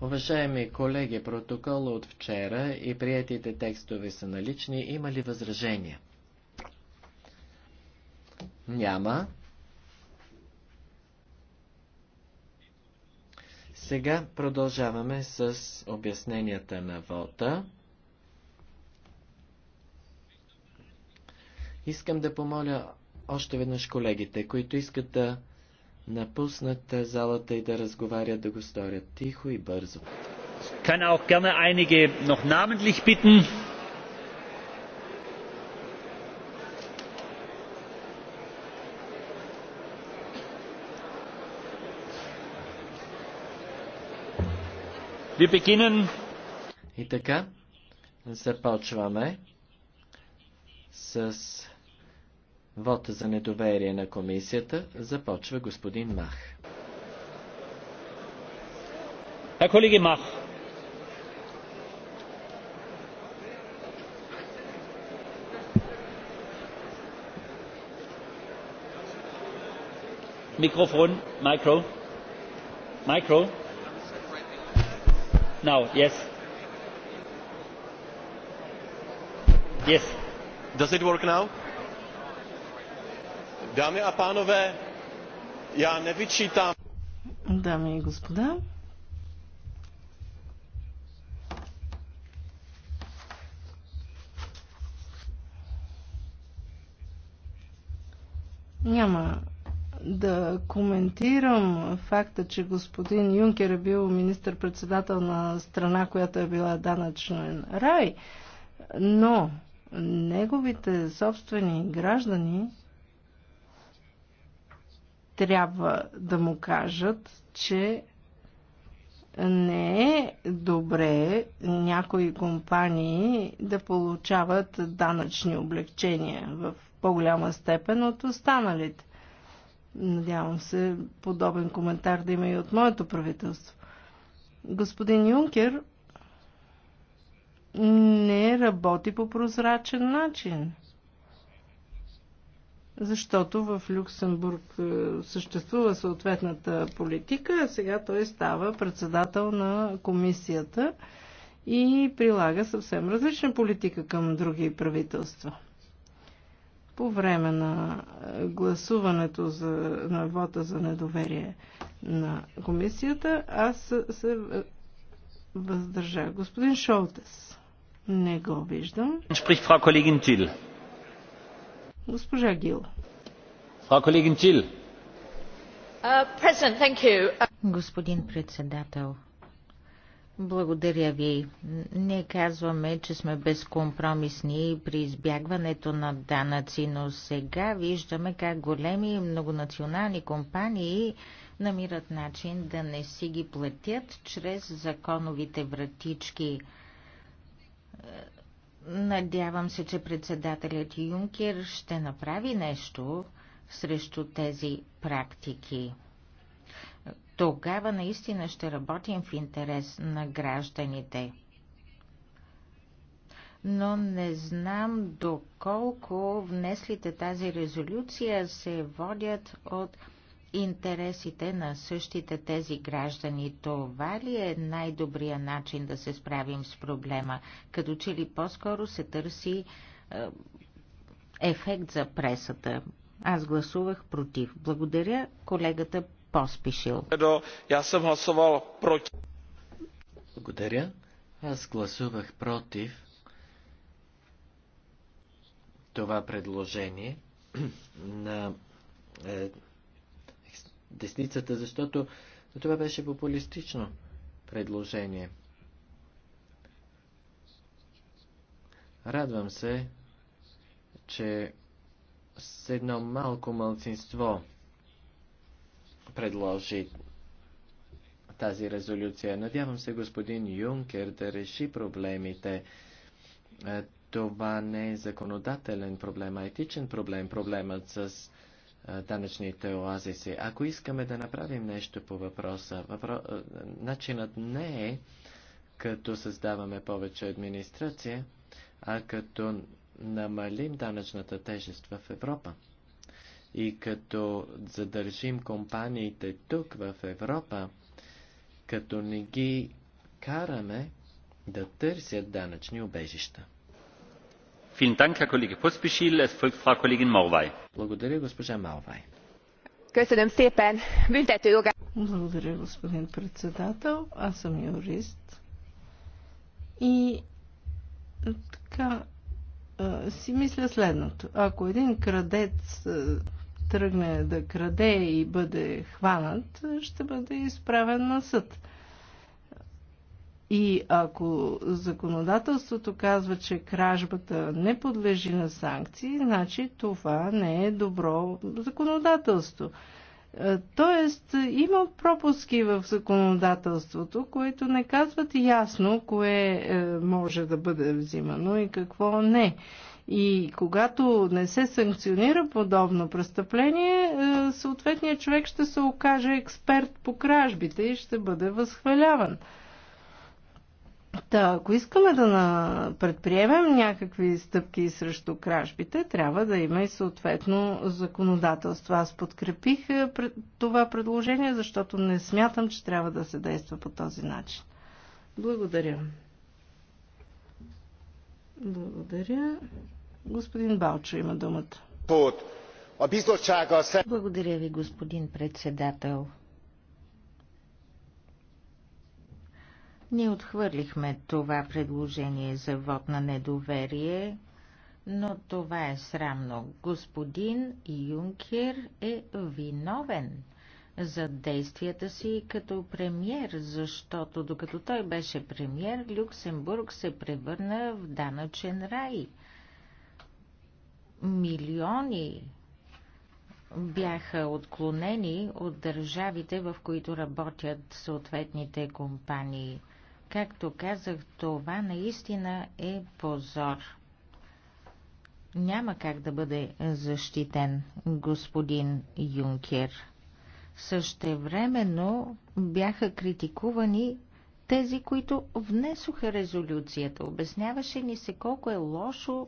Уважаеми колеги, протокола от вчера и приятите текстове са налични. Има ли възражения? Няма. Сега продължаваме с обясненията на вота. Искам да помоля още веднъж колегите, които искат да напуснат залата и да разговарят, да го сторят тихо и бързо. Kann auch gerne einige noch namentlich bitten. Wir beginnen. И така, започваме с Вота за недоверие на комисията започва господин Мах. Herr Kollege Mach, Mikrofon, Micro. Micro. Now, yes. Yes. Does it work now? Dámy a pánové, já nevyčítám. и господа, Няма да коментирам факта, че господин Юнкер е бил министър-председател на страна, която е била данъчен рай, но неговите собствени граждани трябва да му кажат, че не е добре някои компании да получават данъчни облегчения в по-голяма степен от останалите. Надявам се подобен коментар да има и от моето правителство. Господин Юнкер не работи по прозрачен начин защото в Люксембург е, съществува съответната политика, а сега той става председател на комисията и прилага съвсем различна политика към други правителства. По време на е, гласуването за, на вота за недоверие на комисията, аз се е, въздържах. Господин Шолтес, не го виждам. Сприх фра колегин Thiel. Госпожа Гил. Uh, Господин председател, благодаря ви. Не казваме, че сме безкомпромисни при избягването на данъци, но сега виждаме как големи многонационални компании намират начин да не си ги платят чрез законовите вратички. Надявам се, че председателят Юнкер ще направи нещо срещу тези практики. Тогава наистина ще работим в интерес на гражданите. Но не знам доколко внеслите тази резолюция се водят от интересите на същите тези граждани. Това ли е най-добрия начин да се справим с проблема? Като че ли по-скоро се търси е, ефект за пресата? Аз гласувах против. Благодаря колегата Поспишил. съм гласувал против. Благодаря. Аз гласувах против това предложение на е, десницата, защото това беше популистично предложение. Радвам се, че с едно малко мълцинство предложи тази резолюция. Надявам се господин Юнкер да реши проблемите. Е, това не е законодателен проблем, а етичен проблем. Проблемът с данъчните оазиси. Ако искаме да направим нещо по въпроса, въпро... начинът не е като създаваме повече администрация, а като намалим данъчната тежест в Европа. И като задържим компаниите тук в Европа, като не ги караме да търсят данъчни убежища. Благодаря, госпожа Малвай. Благодаря, господин председател. Аз съм юрист. И така си мисля следното. Ако един крадец тръгне да краде и бъде хванат, ще бъде изправен на съд. И ако законодателството казва, че кражбата не подлежи на санкции, значи това не е добро законодателство. Е, тоест, има пропуски в законодателството, които не казват ясно кое е, може да бъде взимано и какво не. И когато не се санкционира подобно престъпление, е, съответният човек ще се окаже експерт по кражбите и ще бъде възхваляван. Та, ако искаме да предприемем някакви стъпки срещу кражбите, трябва да има и съответно законодателство. Аз подкрепих това предложение, защото не смятам, че трябва да се действа по този начин. Благодаря. Благодаря. Господин Балчо има думата. Благодаря ви, господин председател. Ние отхвърлихме това предложение за вод на недоверие, но това е срамно. Господин Юнкер е виновен за действията си като премьер, защото докато той беше премьер, Люксембург се превърна в данъчен рай. Милиони бяха отклонени от държавите, в които работят съответните компании – Както казах, това наистина е позор. Няма как да бъде защитен господин Юнкер. Същевременно бяха критикувани тези, които внесоха резолюцията. Обясняваше ни се колко е лошо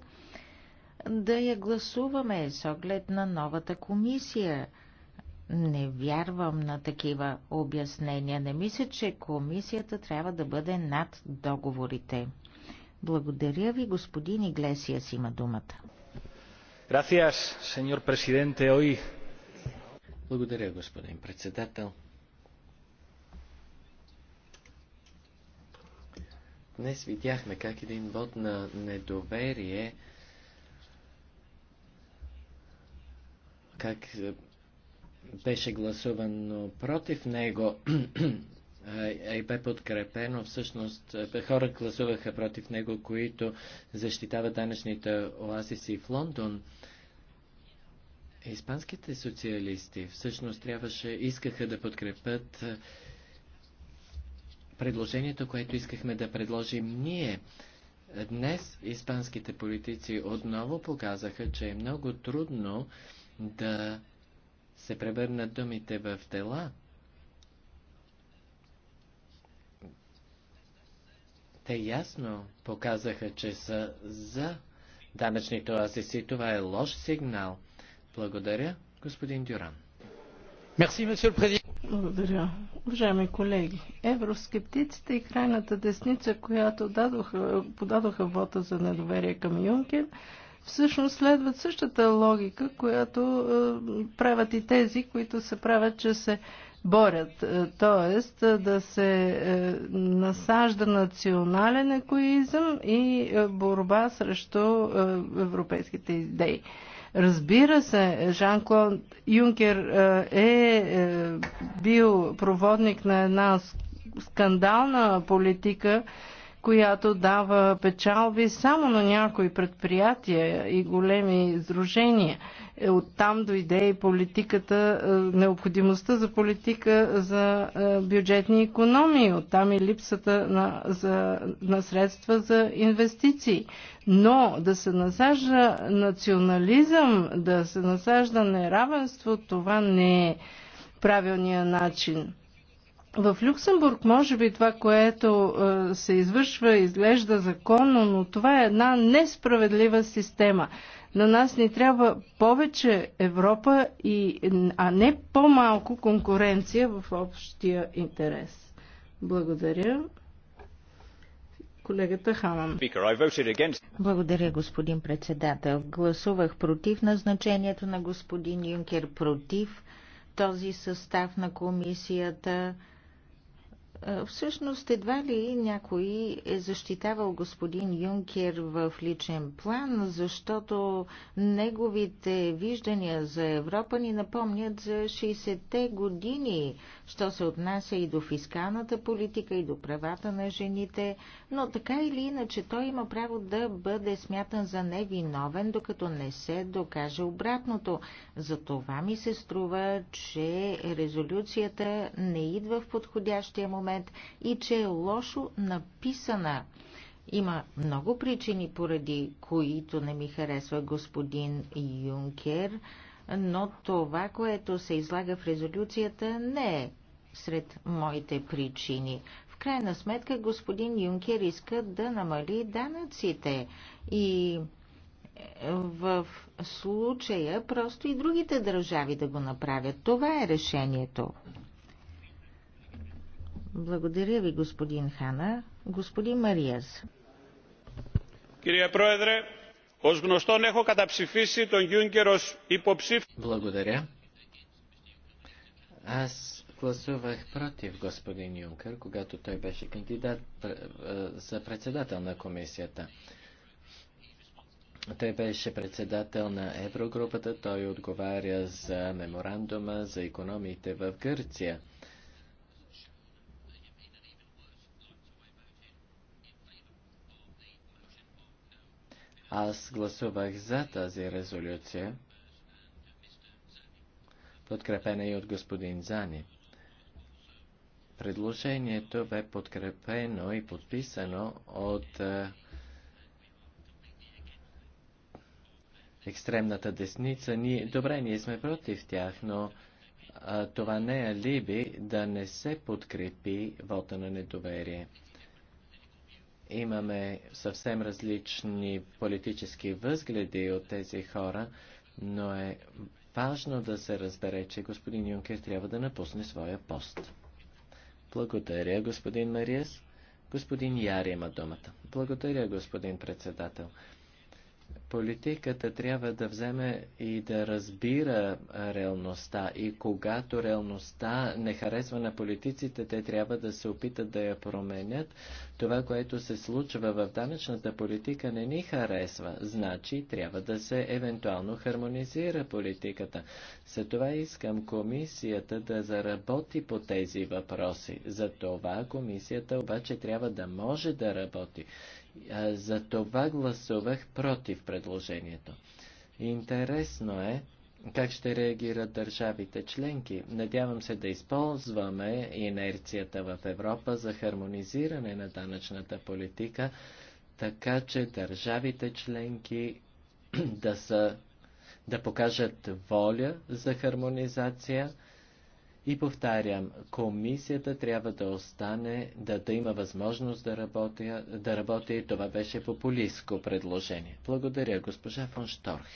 да я гласуваме с оглед на новата комисия – не вярвам на такива обяснения. Не мисля, че комисията трябва да бъде над договорите. Благодаря ви, господин Иглесиас има думата. Gracias, señor presidente. Hoy... Благодаря, господин председател. Днес видяхме как един вод на недоверие, как беше гласувано против него и бе подкрепено. Всъщност е, хора гласуваха против него, които защитават данъчните оазиси в Лондон. Испанските социалисти всъщност трябваше, искаха да подкрепят е, предложението, което искахме да предложим ние. Днес испанските политици отново показаха, че е много трудно да се превърнат думите в тела. те ясно показаха, че са за данъчните оазиси. Това е лош сигнал. Благодаря, господин Дюран. Благодаря. Уважаеми колеги, евроскептиците и крайната десница, която подадоха вота за недоверие към Юнкер, всъщност следват същата логика, която е, правят и тези, които се правят, че се борят. Е, тоест е, да се насажда национален екоизъм и борба срещу европейските идеи. Разбира се, Жан-Клод Юнкер е бил проводник на една скандална политика, която дава печалби само на някои предприятия и големи издружения. Е, оттам дойде и политиката, е, необходимостта за политика за е, бюджетни економии, оттам и липсата на, за, на средства за инвестиции. Но да се насажда национализъм, да се насажда неравенство, това не е правилният начин. В Люксембург, може би това, което е, се извършва, изглежда законно, но това е една несправедлива система. На нас ни трябва повече Европа, и, а не по-малко конкуренция в общия интерес. Благодаря. Колегата Ханан. Благодаря, господин председател. Гласувах против назначението на господин Юнкер, против този състав на комисията е, всъщност едва ли някой е защитавал господин Юнкер в личен план, защото неговите виждания за Европа ни напомнят за 60-те години, що се отнася и до фискалната политика, и до правата на жените, но така или иначе той има право да бъде смятан за невиновен, докато не се докаже обратното. За това ми се струва, че резолюцията не идва в подходящия момент момент и че е лошо написана. Има много причини, поради които не ми харесва господин Юнкер, но това, което се излага в резолюцията, не е сред моите причини. В крайна сметка господин Юнкер иска да намали данъците и в случая просто и другите държави да го направят. Това е решението. Благодаря ви, господин Хана. Господин Мариас. Кирия Проедре, ως γνωστόν έχω καταψηφίσει τον Γιούνκερ ως υποψήφιο. Благодаря. Аз гласувах против господин Юнкер, когато той беше кандидат е, за председател на комисията. Той беше председател на Еврогрупата, той отговаря за меморандума за економиите в Гърция. Аз гласувах за тази резолюция, подкрепена и от господин Зани. Предложението бе подкрепено и подписано от е, екстремната десница. Ние, добре, ние сме против тях, но а, е, това не е либи да не се подкрепи вота на недоверие. Имаме съвсем различни политически възгледи от тези хора, но е важно да се разбере, че господин Юнкер трябва да напусне своя пост. Благодаря, господин Мариес. Господин Яр има думата. Благодаря, господин председател. Политиката трябва да вземе и да разбира реалността и когато реалността не харесва на политиците, те трябва да се опитат да я променят. Това, което се случва в данъчната политика не ни харесва, значи трябва да се евентуално хармонизира политиката. За това искам комисията да заработи по тези въпроси. За това комисията обаче трябва да може да работи. За това гласувах против предложението. Интересно е как ще реагират държавите членки. Надявам се да използваме инерцията в Европа за хармонизиране на данъчната политика, така че държавите членки да, са, да покажат воля за хармонизация и повтарям, комисията трябва да остане, да, да има възможност да работи, да работи. Това беше популистско предложение. Благодаря, госпожа фон Шторх.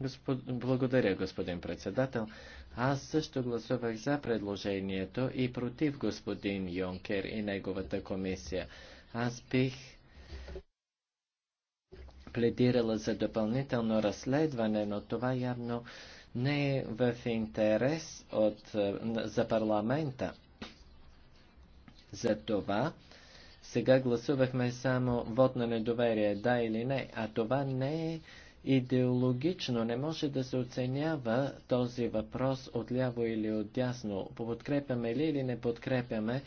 Господ... Благодаря, господин председател. Аз също гласувах за предложението и против господин Йонкер и неговата комисия. Аз бих пледирала за допълнително разследване, но това явно не е в интерес от, за парламента. Затова сега гласувахме само вод на недоверие, да или не, а това не е идеологично. Не може да се оценява този въпрос от ляво или от дясно. Подкрепяме ли или не подкрепяме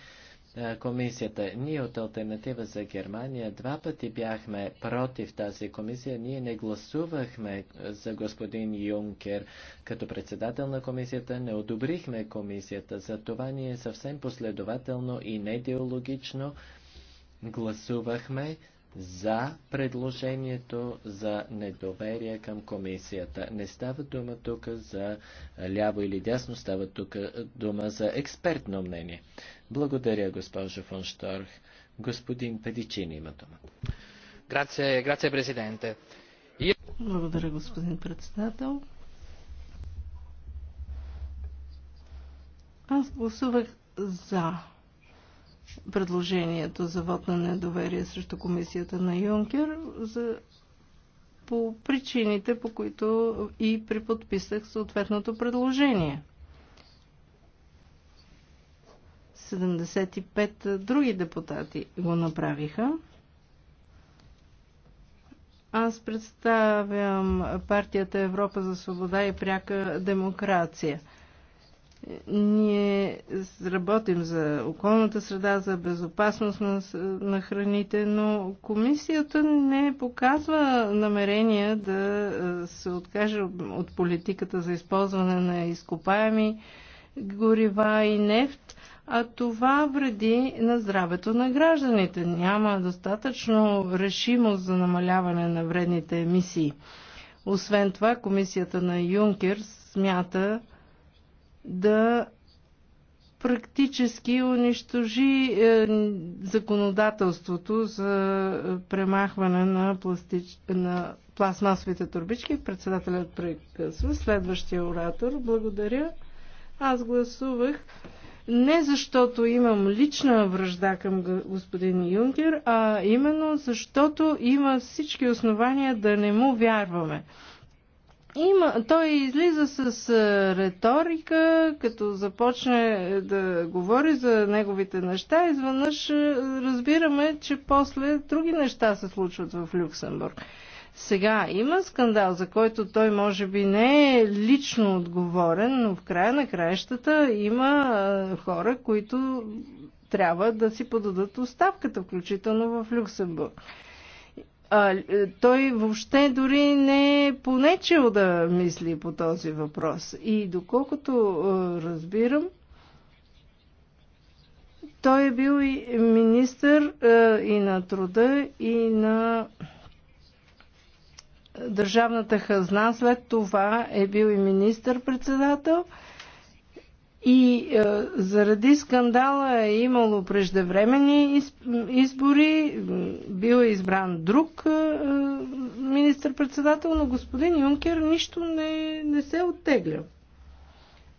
е, комисията. Ние от Альтернатива за Германия два пъти бяхме против тази комисия. Ние не гласувахме за господин Юнкер като председател на комисията, не одобрихме комисията. За това ние съвсем последователно и недеологично гласувахме за предложението за недоверие към комисията. Не става дума тук за ляво или дясно, става тук е, дума за експертно мнение. Благодаря, госпожо фон Шторх. Господин Педичин има думата. Грация, грация, президенте. Благодаря, господин председател. Аз гласувах за предложението за вод на недоверие срещу комисията на Юнкер за, по причините, по които и приподписах съответното предложение – 75 други депутати го направиха. Аз представям партията Европа за свобода и пряка демокрация. Ние работим за околната среда, за безопасност на, на храните, но комисията не показва намерение да се откаже от политиката за използване на изкопаеми горива и нефт а това вреди на здравето на гражданите. Няма достатъчно решимост за намаляване на вредните емисии. Освен това, комисията на Юнкер смята да практически унищожи е, законодателството за премахване на, пластич... на пластмасовите турбички. Председателят прекъсва. Следващия оратор. Благодаря. Аз гласувах не защото имам лична връжда към господин Юнкер, а именно защото има всички основания да не му вярваме. Има, той излиза с е, риторика, като започне е, да говори за неговите неща, изведнъж е, разбираме, че после други неща се случват в Люксембург. Сега има скандал, за който той може би не е лично отговорен, но в края на краищата има хора, които трябва да си подадат оставката, включително в Люксембург. А, е, той въобще дори не е понечил да мисли по този въпрос. И доколкото е, разбирам, той е бил и министър е, и на труда, и на държавната хазна, след това е бил и министър-председател. И е, заради скандала е имало преждевременни избори, бил е избран друг е, министър-председател, но господин Юнкер нищо не, не се оттегля.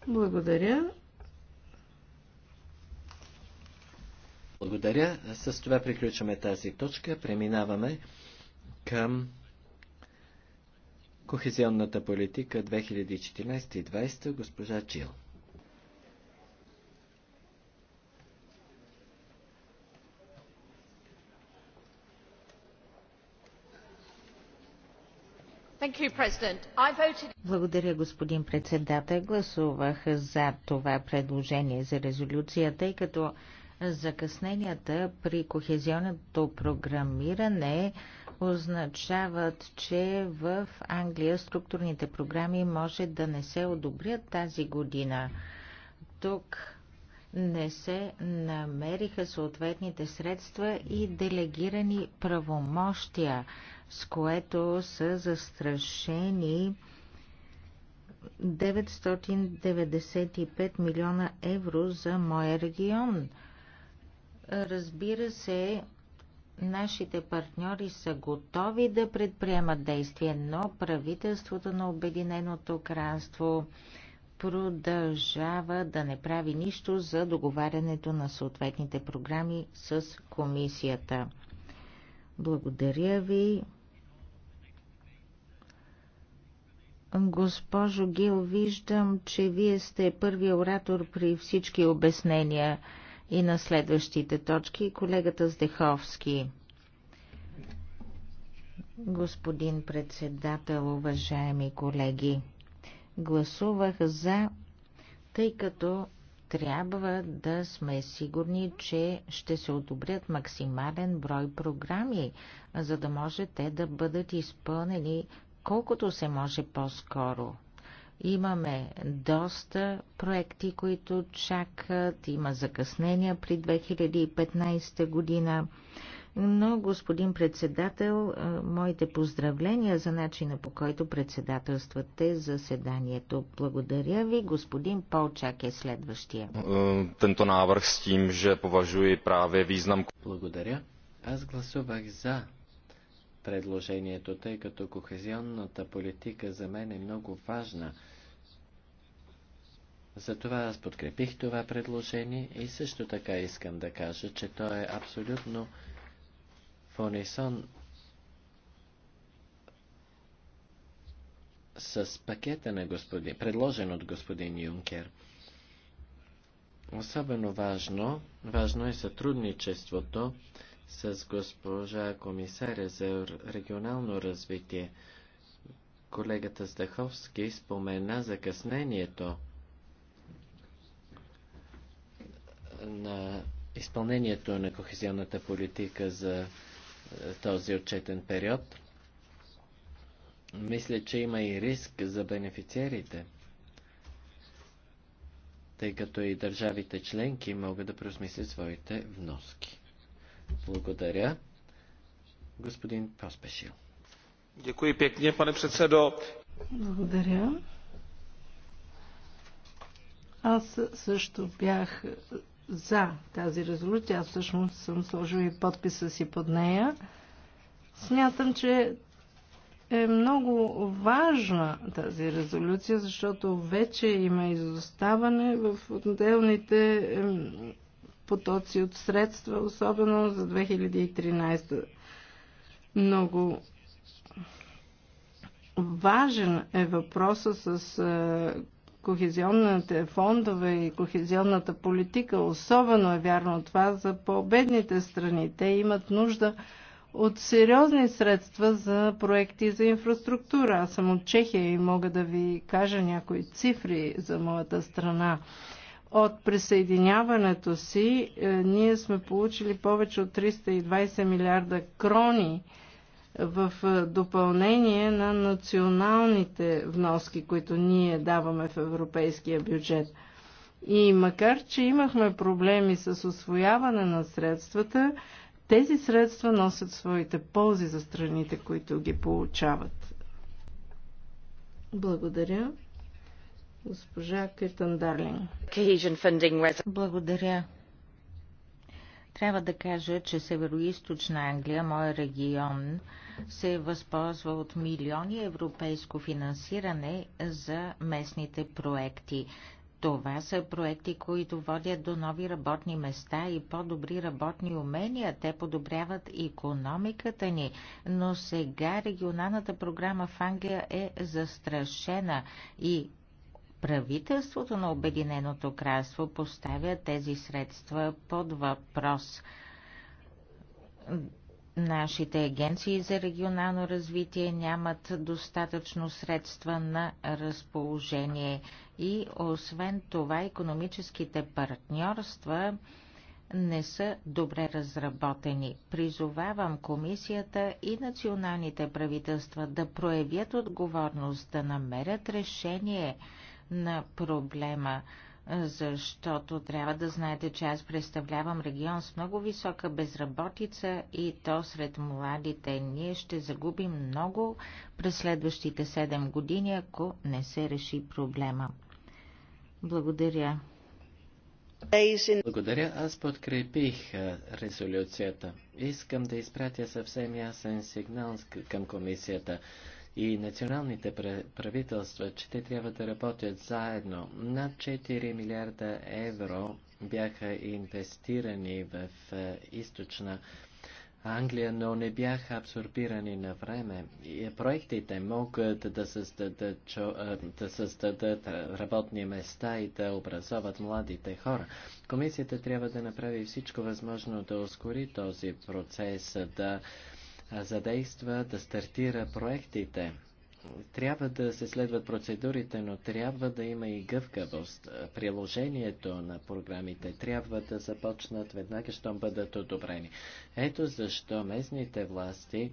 Благодаря. Благодаря. С това приключваме тази точка. Преминаваме към Кохезионната политика 2014-2020, госпожа Чил. Благодаря, господин председател. Гласувах за това предложение за резолюция, тъй като Закъсненията при кохезионното програмиране означават, че в Англия структурните програми може да не се одобрят тази година. Тук не се намериха съответните средства и делегирани правомощия, с което са застрашени 995 милиона евро за моя регион – Разбира се, нашите партньори са готови да предприемат действия, но правителството на Обединеното кралство продължава да не прави нищо за договарянето на съответните програми с комисията. Благодаря ви. Госпожо Гил, виждам, че вие сте първият оратор при всички обяснения и на следващите точки. Колегата Здеховски. Господин председател, уважаеми колеги, гласувах за, тъй като трябва да сме сигурни, че ще се одобрят максимален брой програми, за да може те да бъдат изпълнени колкото се може по-скоро. Имаме доста проекти, които чакат, има закъснения при 2015 година. Но, господин председател, моите поздравления за начина по който председателствате заседанието. Благодаря ви. Господин Полчак е следващия. навърх с тим, tím, поважу и праве визнам. Благодаря. Аз гласувах за предложението, тъй като кохезионната политика за мен е много важна. Затова аз подкрепих това предложение и също така искам да кажа, че то е абсолютно в унисон с пакета на господин, предложен от господин Юнкер. Особено важно, важно е сътрудничеството с госпожа комисаря за регионално развитие. Колегата Стаховски спомена закъснението на изпълнението на кохезионната политика за е, този отчетен период. Мисля, че има и риск за бенефициерите, тъй като и държавите членки могат да просмислят своите вноски. Благодаря. Господин Поспешил. Děkuji pěkně, pane předsedo. Благодаря. Аз също бях за тази резолюция. Аз всъщност съм сложил и подписа си под нея. Смятам, че е много важна тази резолюция, защото вече има изоставане в отделните потоци от средства, особено за 2013. Много важен е въпроса с е, кохезионните фондове и кохезионната политика. Особено е вярно това за по-бедните страни. Те имат нужда от сериозни средства за проекти за инфраструктура. Аз съм от Чехия и мога да ви кажа някои цифри за моята страна. От присъединяването си е, ние сме получили повече от 320 милиарда крони в е, допълнение на националните вноски, които ние даваме в европейския бюджет. И макар, че имахме проблеми с освояване на средствата, тези средства носят своите ползи за страните, които ги получават. Благодаря. Госпожа Киртън Дарлин. Благодаря. Трябва да кажа, че Североизточна Англия, моя регион, се възползва от милиони европейско финансиране за местните проекти. Това са проекти, които водят до нови работни места и по-добри работни умения. Те подобряват економиката ни, но сега регионалната програма в Англия е застрашена и правителството на Обединеното кралство поставя тези средства под въпрос. Нашите агенции за регионално развитие нямат достатъчно средства на разположение и освен това економическите партньорства не са добре разработени. Призовавам комисията и националните правителства да проявят отговорност, да намерят решение на проблема, защото трябва да знаете, че аз представлявам регион с много висока безработица и то сред младите. Ние ще загубим много през следващите 7 години, ако не се реши проблема. Благодаря. Благодаря. Аз подкрепих резолюцията. Искам да изпратя съвсем ясен сигнал към комисията и националните правителства, че те трябва да работят заедно. Над 4 милиарда евро бяха инвестирани в е, източна Англия, но не бяха абсорбирани на време. Е, проектите могат да създадат, е, да създадат работни места и да образоват младите хора. Комисията трябва да направи всичко възможно да ускори този процес, да задейства, да стартира проектите. Трябва да се следват процедурите, но трябва да има и гъвкавост. Приложението на програмите трябва да започнат веднага, щом бъдат одобрени. Ето защо местните власти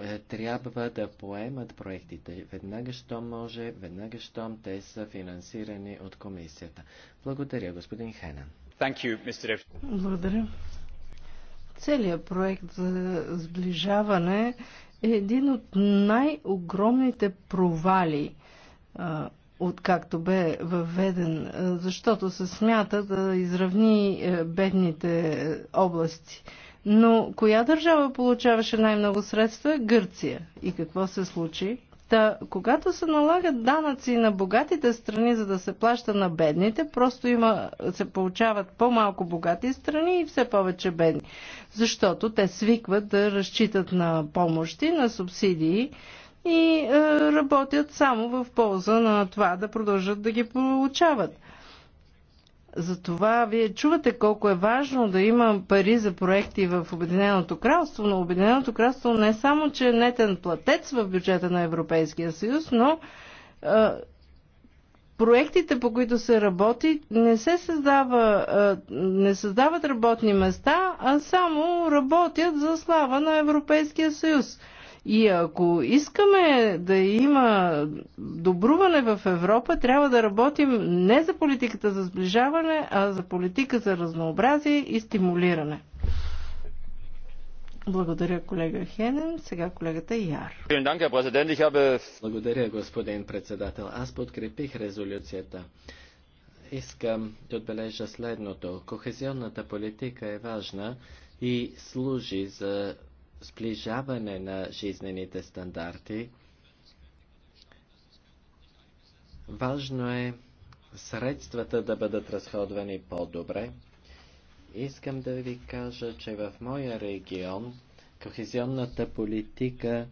е, трябва да поемат проектите веднага, щом може, веднага, щом те са финансирани от комисията. Благодаря, господин Хенан. Благодаря. Целият проект за сближаване е един от най-огромните провали откакто бе въведен, защото се смята да изравни бедните области. Но коя държава получаваше най-много средства? Гърция. И какво се случи? Та, когато се налагат данъци на богатите страни, за да се плаща на бедните, просто има, се получават по-малко богати страни и все повече бедни. Защото те свикват да разчитат на помощи, на субсидии и е, работят само в полза на това да продължат да ги получават. Затова вие чувате колко е важно да има пари за проекти в Обединеното кралство, но Обединеното кралство не е само, че е нетен платец в бюджета на Европейския съюз, но а, проектите, по които се работи, не се създава, а, не създават работни места, а само работят за слава на Европейския съюз. И ако искаме да има добруване в Европа, трябва да работим не за политиката за сближаване, а за политика за разнообразие и стимулиране. Благодаря, колега Хенен. Сега колегата Яр. Благодаря, господин председател. Аз подкрепих резолюцията. Искам да отбележа следното. Кохезионната политика е важна и служи за сближаване на жизнените стандарти. Важно е средствата да бъдат разходвани по-добре. Искам да ви кажа, че в моя регион кохезионната политика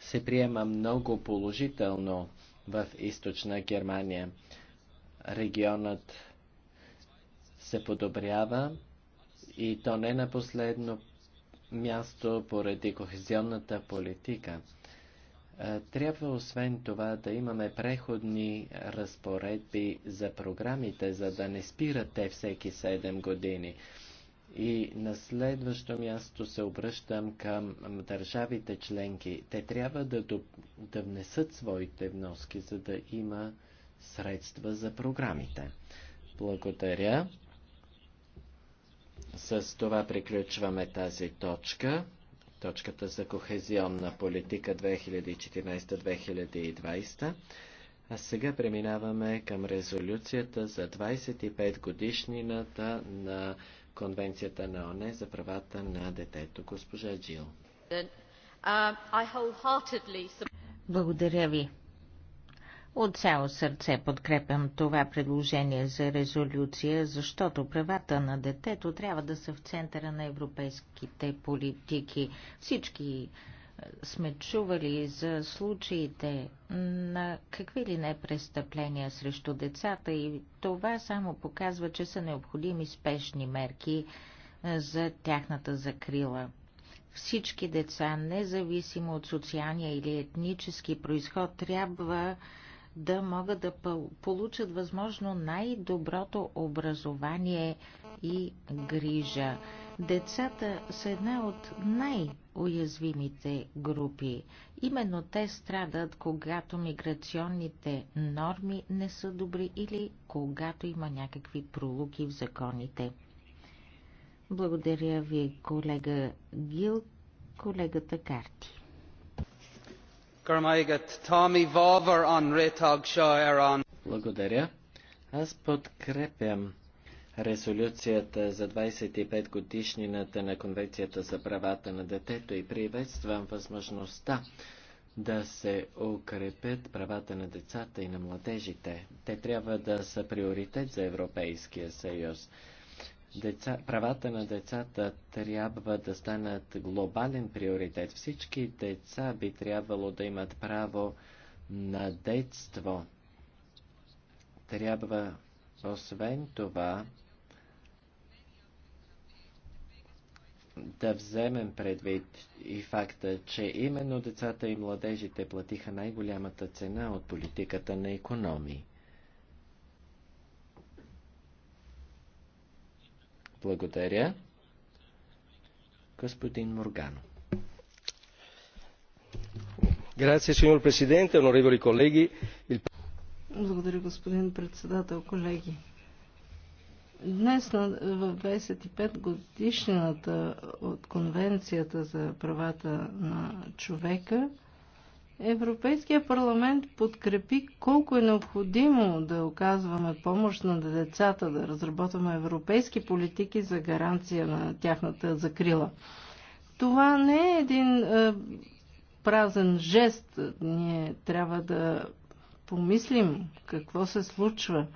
се приема много положително в източна Германия. Регионът се подобрява, и то не на последно място поради кохезионната политика. Е, трябва освен това да имаме преходни разпоредби за програмите, за да не спират те всеки 7 години. И на следващо място се обръщам към държавите членки. Те трябва да, до, да внесат своите вноски, за да има средства за програмите. Благодаря. С това приключваме тази точка. Точката за кохезионна политика 2014-2020. А сега преминаваме към резолюцията за 25 годишнината на Конвенцията на ОНЕ за правата на детето. Госпожа Джил. Uh, Благодаря ви. От цяло сърце подкрепям това предложение за резолюция, защото правата на детето трябва да са в центъра на европейските политики. Всички е, сме чували за случаите на какви ли не престъпления срещу децата и това само показва, че са необходими спешни мерки е, за тяхната закрила. Всички деца, независимо от социалния или етнически происход, трябва да могат да получат възможно най-доброто образование и грижа. Децата са една от най-уязвимите групи. Именно те страдат, когато миграционните норми не са добри или когато има някакви пролуки в законите. Благодаря ви, колега Гил, колегата Карти. Благодаря. Аз подкрепям резолюцията за 25 годишнината на Конвенцията за правата на детето и приветствам възможността да се укрепят правата на децата и на младежите. Те трябва да са приоритет за Европейския съюз деца, правата на децата трябва да станат глобален приоритет. Всички деца би трябвало да имат право на детство. Трябва, освен това, да вземем предвид и факта, че именно децата и младежите платиха най-голямата цена от политиката на економии. Благодаря. Господин Моргано. Благодаря, господин председател, колеги. Днес в 25 годишнината от Конвенцията за правата на човека Европейския парламент подкрепи колко е необходимо да оказваме помощ на децата, да разработваме европейски политики за гаранция на тяхната закрила. Това не е един е, празен жест. Ние трябва да помислим какво се случва.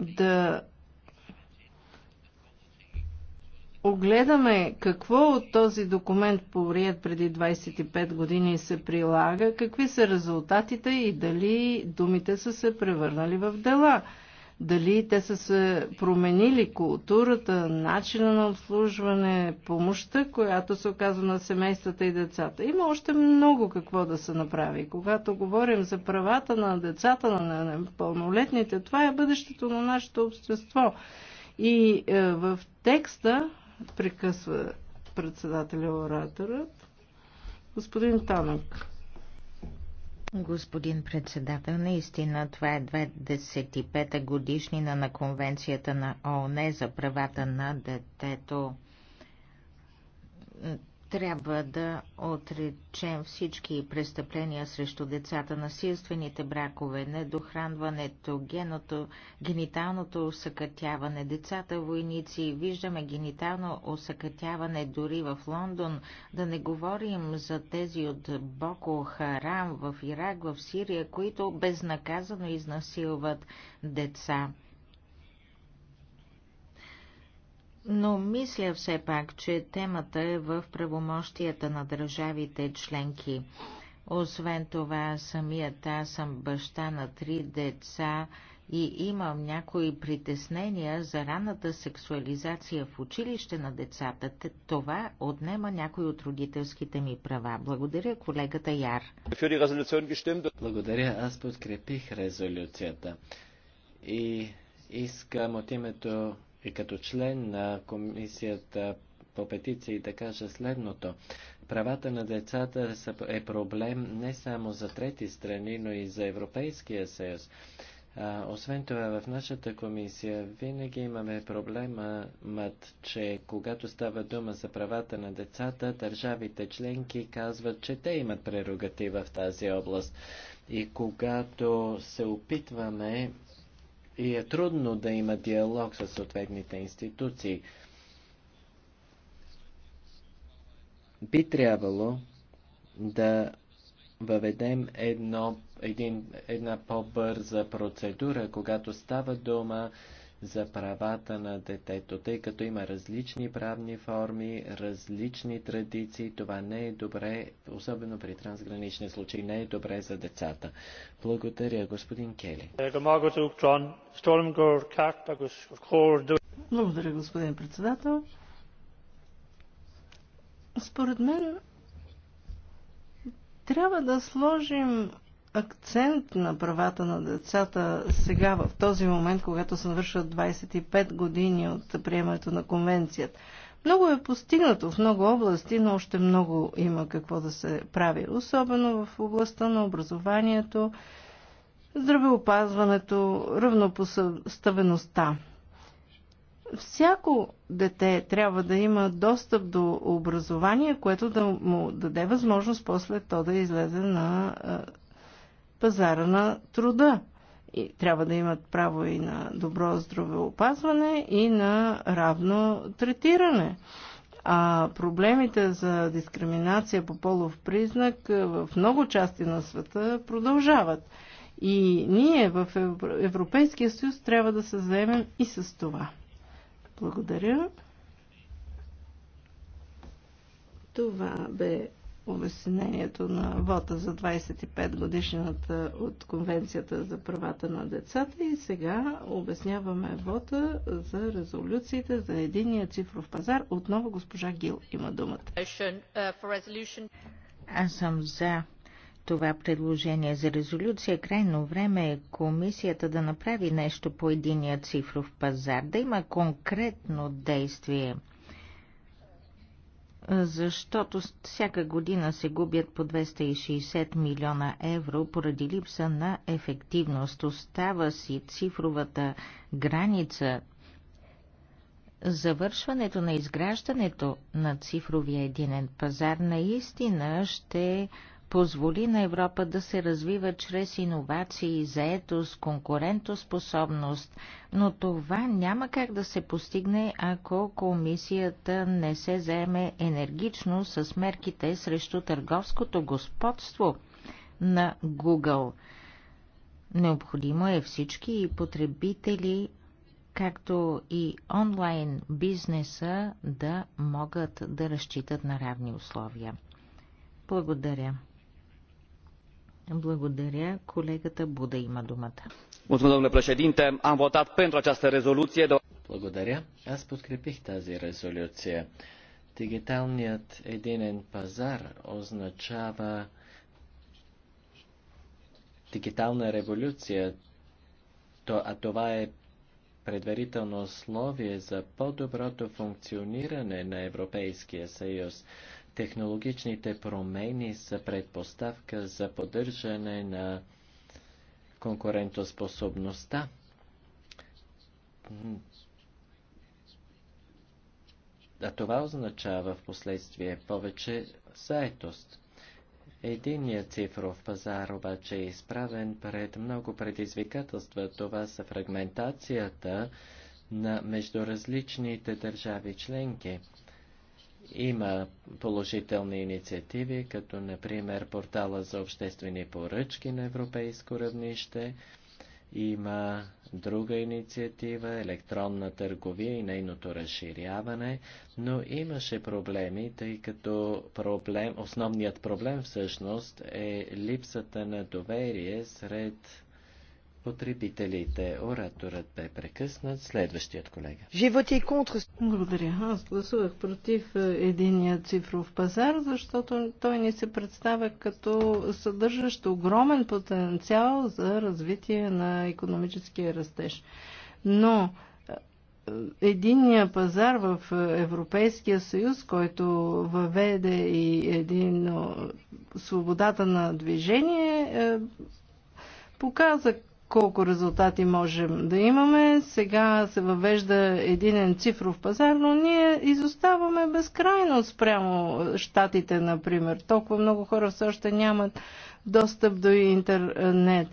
Да огледаме какво от този документ, поврият преди 25 години, се прилага, какви са резултатите и дали думите са се превърнали в дела. Дали те са се променили културата, начина на обслужване, помощта, която се оказва на семействата и децата. Има още много какво да се направи. Когато говорим за правата на децата, на непълнолетните, това е бъдещето на нашето общество. И е, в текста Прекъсва председателя ораторът. Господин Танък. Господин председател, наистина това е 25-та годишнина на Конвенцията на ООН за правата на детето. Трябва да отречем всички престъпления срещу децата, насилствените бракове, недохранването, геното, гениталното усъкътяване, децата войници. Виждаме генитално усъкътяване дори в Лондон. Да не говорим за тези от Боко Харам в Ирак, в Сирия, които безнаказано изнасилват деца. Но мисля все пак, че темата е в правомощията на държавите членки. Освен това, самият аз съм баща на три деца и имам някои притеснения за ранната сексуализация в училище на децата. Това отнема някои от родителските ми права. Благодаря, колегата Яр. Благодаря, аз подкрепих резолюцията. И искам от името и като член на комисията по петиции да кажа следното. Правата на децата е проблем не само за трети страни, но и за Европейския съюз. А, освен това, в нашата комисия винаги имаме проблема, мът, че когато става дума за правата на децата, държавите членки казват, че те имат прерогатива в тази област. И когато се опитваме и е трудно да има диалог с съответните институции. Би трябвало да въведем едно, един, една по-бърза процедура, когато става дума за правата на детето, тъй като има различни правни форми, различни традиции. Това не е добре, особено при трансгранични случаи, не е добре за децата. Благодаря, господин Кели. Благодаря, господин председател. Според мен трябва да сложим акцент на правата на децата сега, в този момент, когато се навършват 25 години от приемането на конвенцията. Много е постигнато в много области, но още много има какво да се прави, особено в областта на образованието, здравеопазването, равнопоставеността. Всяко дете трябва да има достъп до образование, което да му даде възможност после то да излезе на пазара на труда. И трябва да имат право и на добро здравеопазване, и на равно третиране. А проблемите за дискриминация по полов признак в много части на света продължават. И ние в Европейския съюз трябва да се заемем и с това. Благодаря. Това бе обяснението на вота за 25 годишната от Конвенцията за правата на децата и сега обясняваме вота за резолюциите за единия цифров пазар. Отново госпожа Гил има думата. Аз съм за това предложение за резолюция. Крайно време е комисията да направи нещо по единия цифров пазар, да има конкретно действие – защото всяка година се губят по 260 милиона евро поради липса на ефективност. Остава си цифровата граница. Завършването на изграждането на цифровия единен пазар наистина ще позволи на Европа да се развива чрез иновации, заетост, конкурентоспособност, но това няма как да се постигне, ако комисията не се заеме енергично с мерките срещу търговското господство на Google. Необходимо е всички потребители, както и онлайн бизнеса да могат да разчитат на равни условия. Благодаря. Благодаря. Колегата Буда има думата. Domnule președinte, am votat pentru această rezoluție. Благодаря. Аз подкрепих тази резолюция. Дигиталният единен пазар означава дигитална революция, а това е предварително условие за по-доброто функциониране на Европейския съюз. Технологичните промени са предпоставка за поддържане на конкурентоспособността. А това означава в последствие повече заетост. Единият цифров пазар обаче е изправен пред много предизвикателства. Това са фрагментацията на между различните държави членки. Има положителни инициативи, като например портала за обществени поръчки на европейско равнище. Има друга инициатива, електронна търговия и нейното разширяване, но имаше проблеми, тъй като проблем, основният проблем всъщност е липсата на доверие сред потребителите. Ораторът бе прекъснат. Следващият колега. Животи и е контр... Благодаря. Аз гласувах против е, единия цифров пазар, защото той ни се представя като съдържащ огромен потенциал за развитие на економическия растеж. Но е, единния пазар в Европейския съюз, който въведе и един свободата на движение, показа колко резултати можем да имаме. Сега се въвежда един цифров пазар, но ние изоставаме безкрайно спрямо щатите, например. Толкова много хора все още нямат достъп до интернет.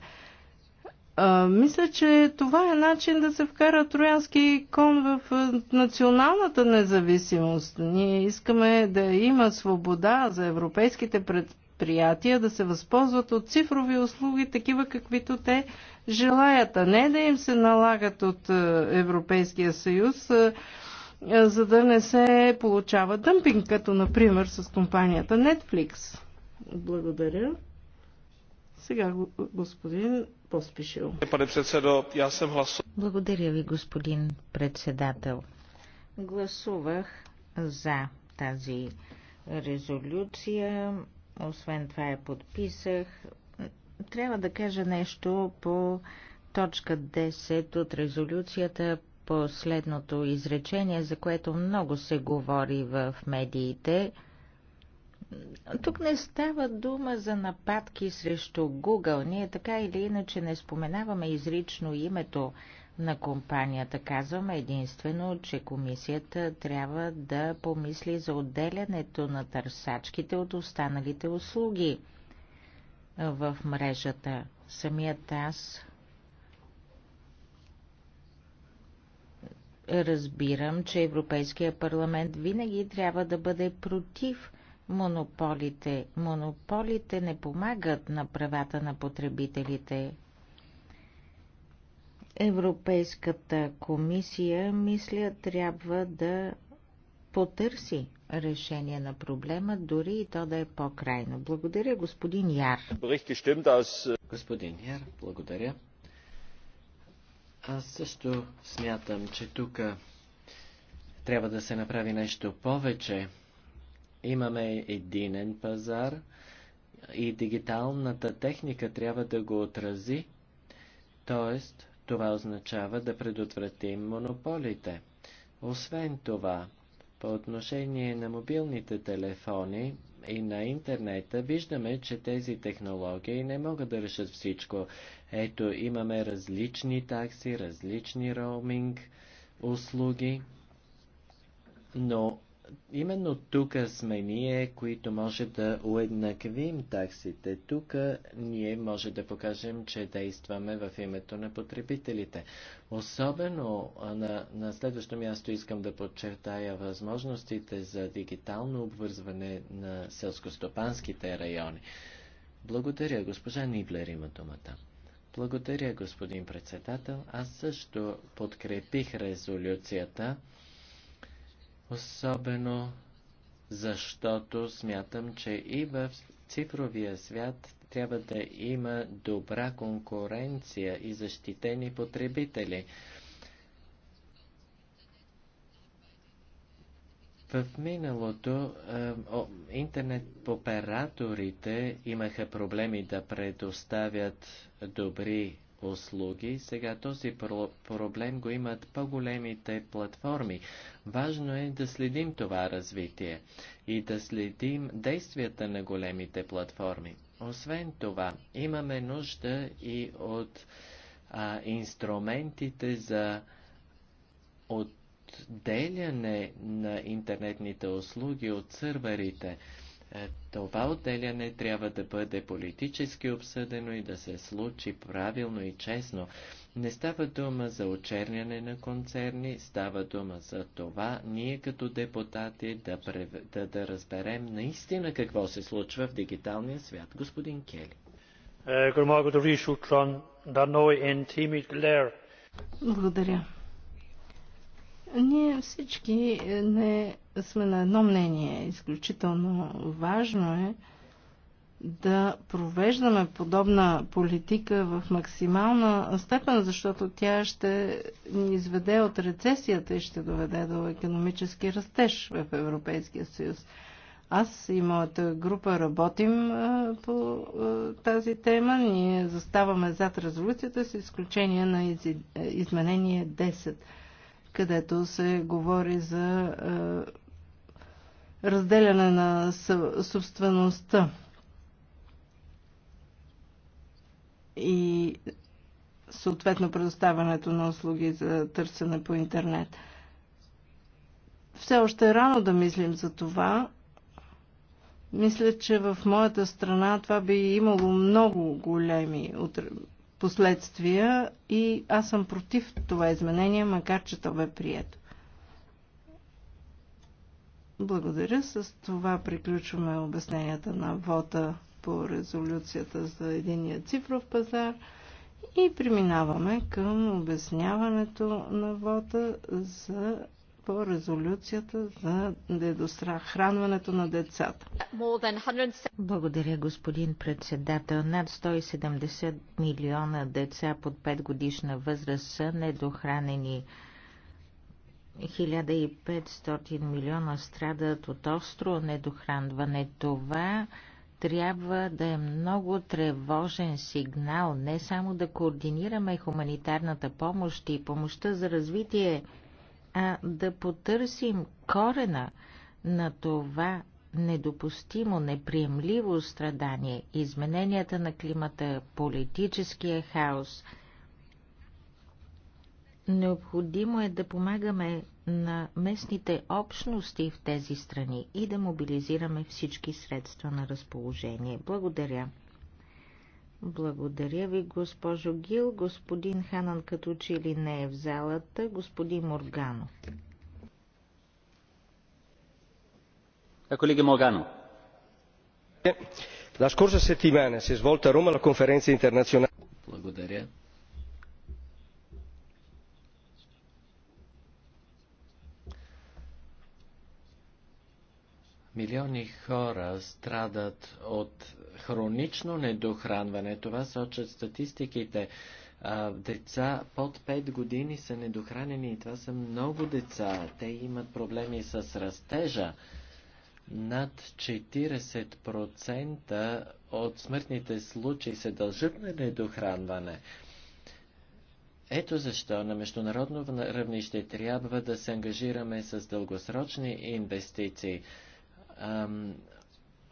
А, мисля, че това е начин да се вкара троянски кон в националната независимост. Ние искаме да има свобода за европейските предприятия да се възползват от цифрови услуги, такива каквито те желаят, а не да им се налагат от е, Европейския съюз, е, е, за да не се получава дъмпинг, като например с компанията Netflix. Благодаря. Сега господин Поспишил. Благодаря ви, господин председател. Гласувах за тази резолюция. Освен това я подписах трябва да кажа нещо по точка 10 от резолюцията, последното изречение, за което много се говори в медиите. Тук не става дума за нападки срещу Google. Ние така или иначе не споменаваме изрично името на компанията. Казваме единствено, че комисията трябва да помисли за отделянето на търсачките от останалите услуги в мрежата. Самият аз разбирам, че Европейския парламент винаги трябва да бъде против монополите. Монополите не помагат на правата на потребителите. Европейската комисия, мисля, трябва да потърси решение на проблема, дори и то да е по-крайно. Благодаря, господин Яр. Господин Яр, благодаря. Аз също смятам, че тук трябва да се направи нещо повече. Имаме единен пазар и дигиталната техника трябва да го отрази, т.е. това означава да предотвратим монополите. Освен това, по отношение на мобилните телефони и на интернета, виждаме, че тези технологии не могат да решат всичко. Ето, имаме различни такси, различни роуминг услуги, но Именно тук сме ние, които може да уеднаквим таксите. Тук ние може да покажем, че действаме в името на потребителите. Особено на, на следващо място искам да подчертая възможностите за дигитално обвързване на селскостопанските райони. Благодаря, госпожа Ниблер има думата. Благодаря, господин председател. Аз също подкрепих резолюцията особено защото смятам, че и в цифровия свят трябва да има добра конкуренция и защитени потребители. В миналото е, интернет-операторите имаха проблеми да предоставят добри услуги. Сега този проблем го имат по-големите платформи. Важно е да следим това развитие и да следим действията на големите платформи. Освен това, имаме нужда и от а, инструментите за отделяне на интернетните услуги от сървърите – е, това отделяне трябва да бъде политически обсъдено и да се случи правилно и честно. Не става дума за очерняне на концерни, става дума за това ние като депутати да, прев... да, да разберем наистина какво се случва в дигиталния свят. Господин Кели. Е, Благодаря. Ние всички е, не сме на едно мнение. Изключително важно е да провеждаме подобна политика в максимална степен, защото тя ще ни изведе от рецесията и ще доведе до економически растеж в Европейския съюз. Аз и моята група работим е, по е, тази тема. Ние заставаме зад резолюцията с изключение на изменение 10 където се говори за е, разделяне на собствеността. И съответно предоставянето на услуги за търсене по интернет. Все още е рано да мислим за това. Мисля, че в моята страна това би имало много големи последствия и аз съм против това изменение, макар че то бе прието. Благодаря. С това приключваме обясненията на вота по резолюцията за единия цифров пазар и преминаваме към обясняването на вота за по резолюцията за хранването на децата. Благодаря, господин председател. Над 170 милиона деца под 5 годишна възраст са недохранени. 1500 милиона страдат от остро недохранване. Това трябва да е много тревожен сигнал, не само да координираме хуманитарната помощ и помощта за развитие, а да потърсим корена на това недопустимо, неприемливо страдание, измененията на климата, политическия хаос. Необходимо е да помагаме на местните общности в тези страни и да мобилизираме всички средства на разположение. Благодаря. Благодаря ви, госпожо Гил. Господин Ханан като че ли не е в залата, господин Моргано. Е, колеги Моргано. La scorsa settimana si è svolta a Roma la conferenza internazionale. Благодаря. Милиони хора страдат от хронично недохранване. Това сочат статистиките. деца под 5 години са недохранени и това са много деца. Те имат проблеми с растежа. Над 40% от смъртните случаи се дължат на недохранване. Ето защо на международно равнище трябва да се ангажираме с дългосрочни инвестиции.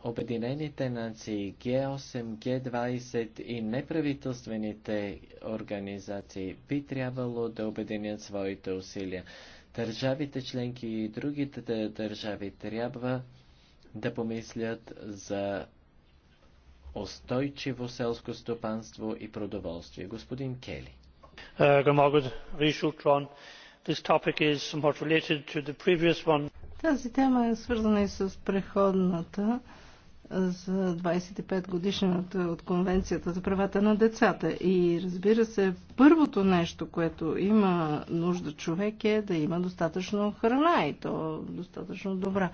Обединените нации, Г8, Г20 и неправителствените организации би трябвало да обединят своите усилия. Държавите членки и другите държави трябва да помислят за устойчиво селско стопанство и продоволствие. Господин Кели. Тази тема е свързана и с преходната за 25 годишната от Конвенцията за правата на децата. И разбира се, първото нещо, което има нужда човек е да има достатъчно храна и то достатъчно добра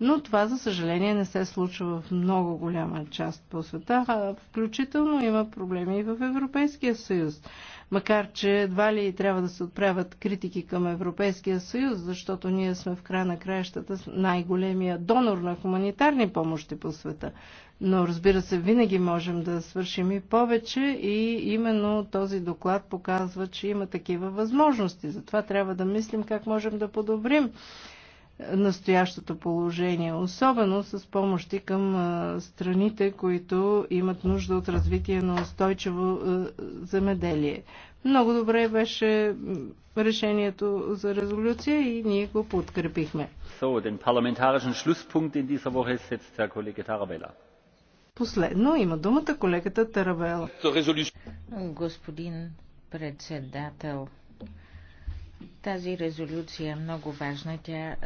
но това, за съжаление, не се случва в много голяма част по света, а включително има проблеми и в Европейския съюз. Макар, че едва ли трябва да се отправят критики към Европейския съюз, защото ние сме в края на краищата най-големия донор на хуманитарни помощи по света. Но разбира се, винаги можем да свършим и повече и именно този доклад показва, че има такива възможности. Затова трябва да мислим как можем да подобрим настоящото положение, особено с помощи към страните, които имат нужда от развитие на устойчиво земеделие. Много добре беше решението за резолюция и ние го подкрепихме. So, Последно има думата колегата Тарабела. Господин председател, тази резолюция е много важна. Тя е,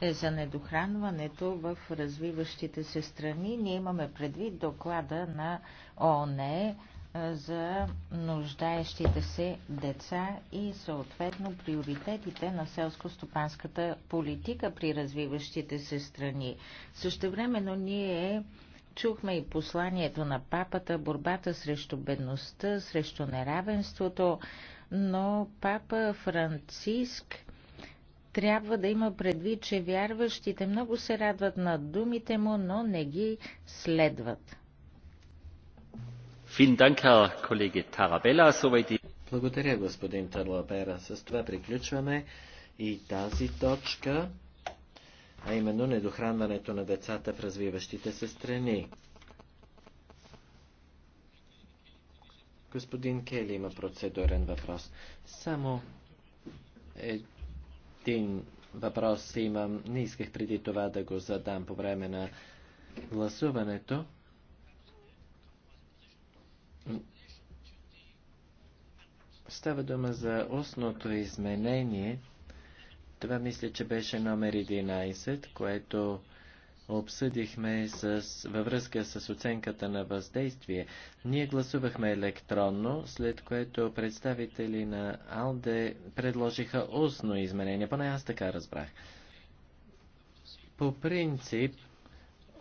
е за недохранването в развиващите се страни. Ние имаме предвид доклада на ООН е, за нуждаещите се деца и съответно приоритетите на селско-стопанската политика при развиващите се страни. Същевременно ние чухме и посланието на папата, борбата срещу бедността, срещу неравенството, но папа Франциск трябва да има предвид, че вярващите много се радват на думите му, но не ги следват. Благодаря, господин Тарлабера, С това приключваме и тази точка, а именно недохранването на децата в развиващите се страни. Господин Кели има процедурен въпрос. Само един въпрос имам. Не исках преди това да го задам по време на гласуването. Става дума за устното изменение. Това мисля, че беше номер 11, което обсъдихме с, във връзка с оценката на въздействие. Ние гласувахме електронно, след което представители на АЛДЕ предложиха устно изменение. Поне аз така разбрах. По принцип,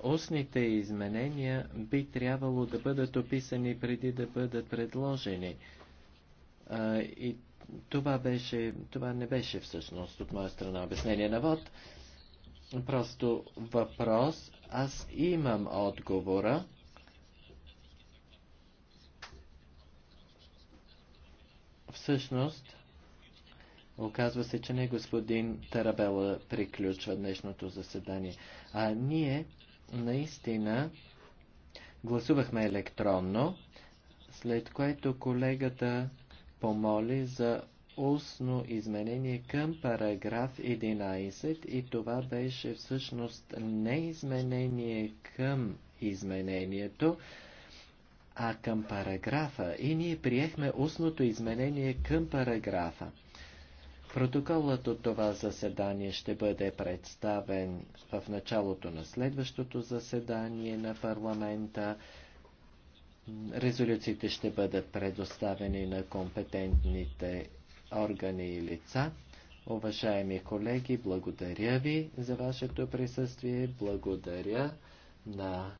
устните изменения би трябвало да бъдат описани преди да бъдат предложени. А, и това, беше, това не беше всъщност от моя страна обяснение на ВОД просто въпрос. Аз имам отговора. Всъщност, оказва се, че не господин Тарабела приключва днешното заседание. А ние наистина гласувахме електронно, след което колегата помоли за устно изменение към параграф 11 и това беше всъщност не изменение към изменението, а към параграфа. И ние приехме устното изменение към параграфа. Протоколът от това заседание ще бъде представен в началото на следващото заседание на парламента. Резолюциите ще бъдат предоставени на компетентните органи и лица. Уважаеми колеги, благодаря ви за вашето присъствие. Благодаря на